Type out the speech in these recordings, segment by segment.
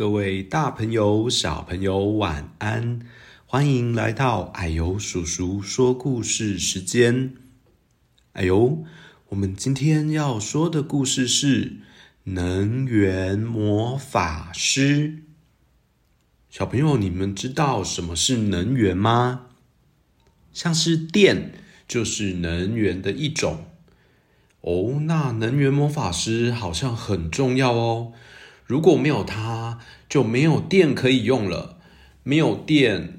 各位大朋友、小朋友，晚安！歡迎來到“啊呦叔叔說故事”時間。啊呦，我們今天要說的故事是《能源魔法師》。小朋友，你們知道什麼是能源嗎？像是電，就是能源的一種。哦，那能源魔法師好像很重要哦。如果沒有他，就沒有電可以用了，沒有電，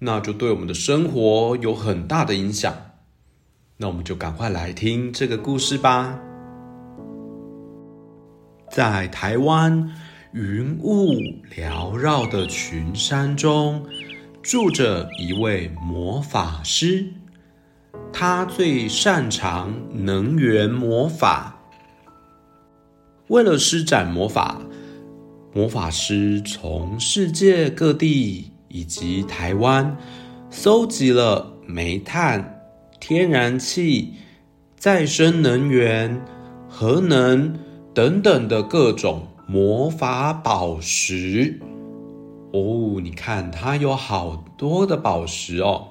那就對我們的生活有很大的影響。那我們就趕快來聽這個故事吧。在台灣雲霧繚繞的群山中，住着一位魔法師，他最擅長能源魔法。為了施展魔法，魔法師從世界各地以及台灣搜集了煤炭、天然氣、再生能源、核能等等的各種魔法寶石。哦，你看，它有好多的寶石哦。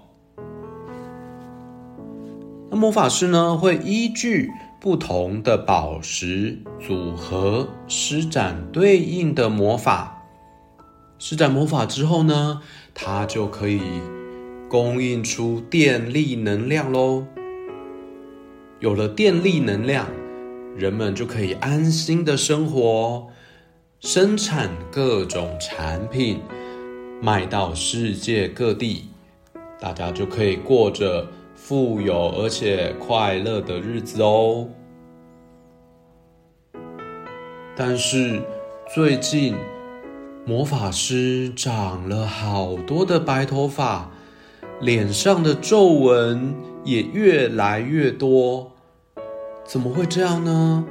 那魔法師呢，會依據。不同的寶石組合，施展對應的魔法，施展魔法之後呢，它就可以供應出電力能量嘍。有了電力能量，人們就可以安心的生活，生產各種產品，賣到世界各地，大家就可以過着。富有，而且快樂的日子哦，但是最近魔法師長了好多的白頭髮，臉上的皺紋也越來越多，怎麼會這樣呢？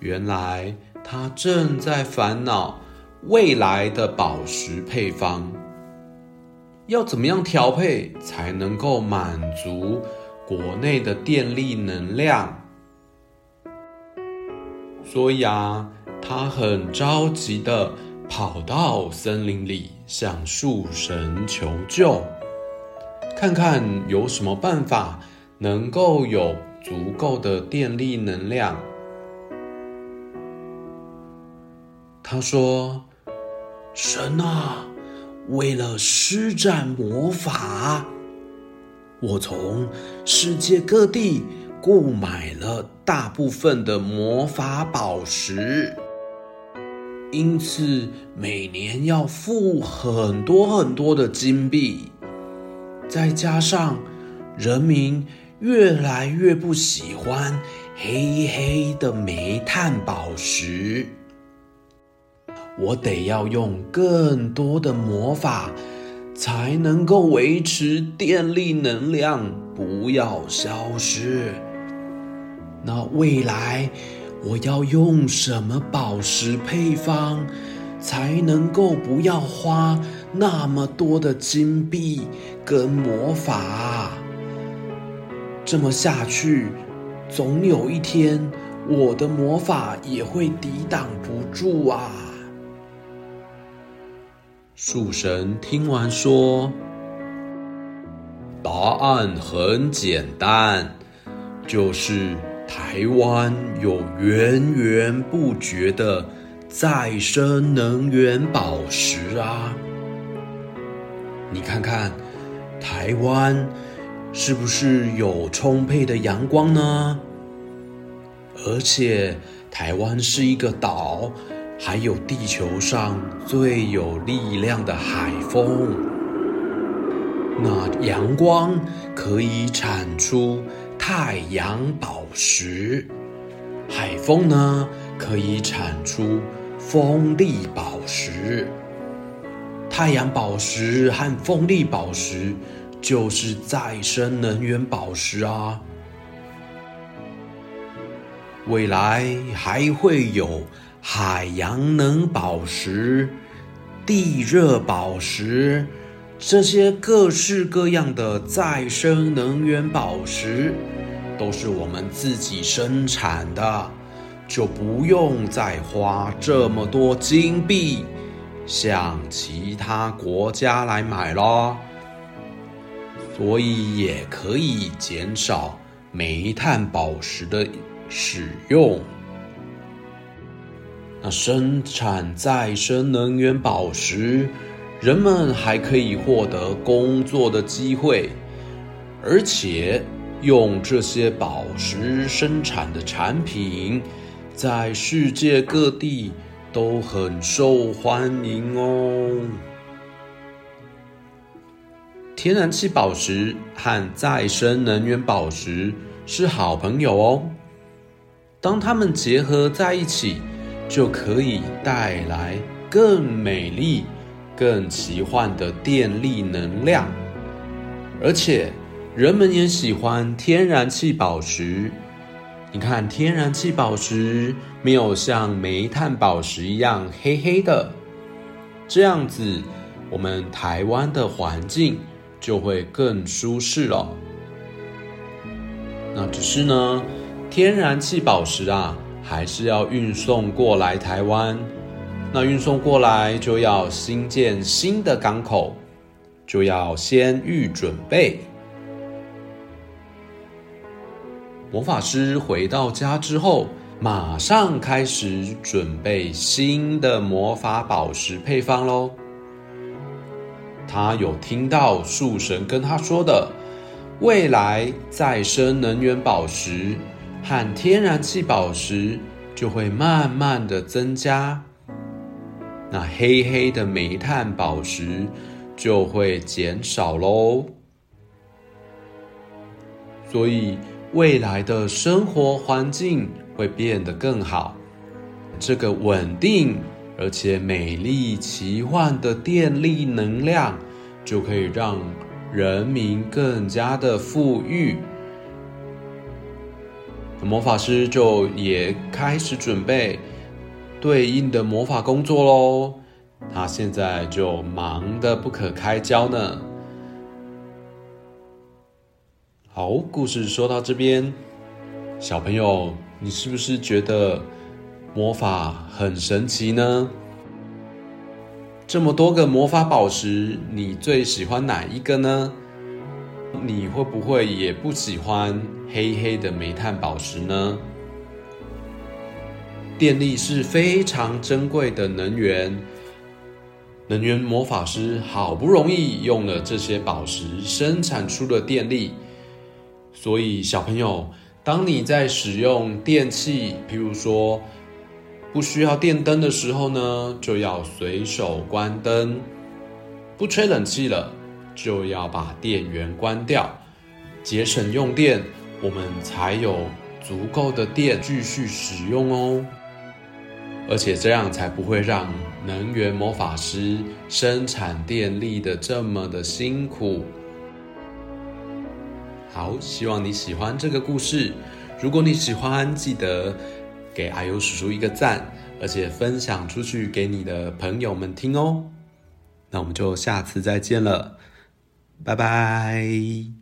原來他正在煩惱未來的寶石配方。要怎麼樣調配才能夠滿足國內的電力能量？所以啊，他很着急的跑到森林裡，向樹神求救，看看有什麼辦法能夠有足夠的電力能量。他說：“神啊！”為了施展魔法，我從世界各地購買了大部分的魔法寶石，因此每年要付很多很多的金幣。再加上人民越來越不喜歡黑黑的煤炭寶石。我得要用更多的魔法，才能夠維持電力能量不要消失。那未來我要用什麼寶石配方，才能夠不要花那麼多的金幣跟魔法？這麼下去，總有一天我的魔法也會抵擋不住啊！樹神聽完說：“答案很簡單，就是台灣有源源不絕的再生能源寶石啊！你看看，台灣是不是有充沛的陽光呢？而且，台灣是一個島。”還有地球上最有力量的海風，那陽光可以產出太陽寶石，海風呢，可以產出風力寶石。太陽寶石和風力寶石就是再生能源寶石啊！未來還會有。海洋能寶石、地熱寶石，這些各式各樣的再生能源寶石，都是我們自己生產的，就不用再花這麼多金幣向其他國家來買咯。所以也可以減少煤炭寶石的使用。那生產再生能源寶石，人們還可以獲得工作的機會，而且用這些寶石生產的產品，在世界各地都很受歡迎哦。天然氣寶石和再生能源寶石是好朋友哦，當它們結合在一起，就可以帶來更美麗、更奇幻的電力能量，而且人們也喜歡天然氣寶石。你看，天然氣寶石沒有像煤炭寶石一樣黑黑的，這樣子，我們台灣的環境就會更舒適了。那只是呢，天然氣寶石啊。還是要運送過來台灣，那運送過來就要新建新的港口，就要先預準備。魔法師回到家之後，馬上開始準備新的魔法寶石配方嘍。他有聽到樹神跟他說的未來再生能源寶石。和天然氣寶石就會慢慢的增加，那黑黑的煤炭寶石就會減少嘍。所以未來的生活環境會變得更好，這個穩定而且美麗奇幻的電力能量就可以讓人民更加的富裕。魔法師就也開始準備對應的魔法工作嘍，他現在就忙得不可開交呢。好，故事說到這邊，小朋友，你是不是覺得魔法很神奇呢？這麼多個魔法寶石，你最喜歡哪一個呢？你會不會也不喜歡黑黑的煤炭寶石呢？電力是非常珍貴的能源，能源魔法師好不容易用了這些寶石生產出的電力，所以小朋友，當你在使用電器，譬如說不需要電燈的時候呢，就要隨手關燈，不吹冷氣了。就要把電源關掉，節省用電，我們才有足夠的電繼續使用哦。而且這樣才不會讓能源魔法師生產電力的這麼的辛苦。好，希望你喜歡這個故事。如果你喜歡，記得給啊呦叔叔一個讚，而且分享出去給你的朋友們聽哦。那我們就下次再見了。拜拜。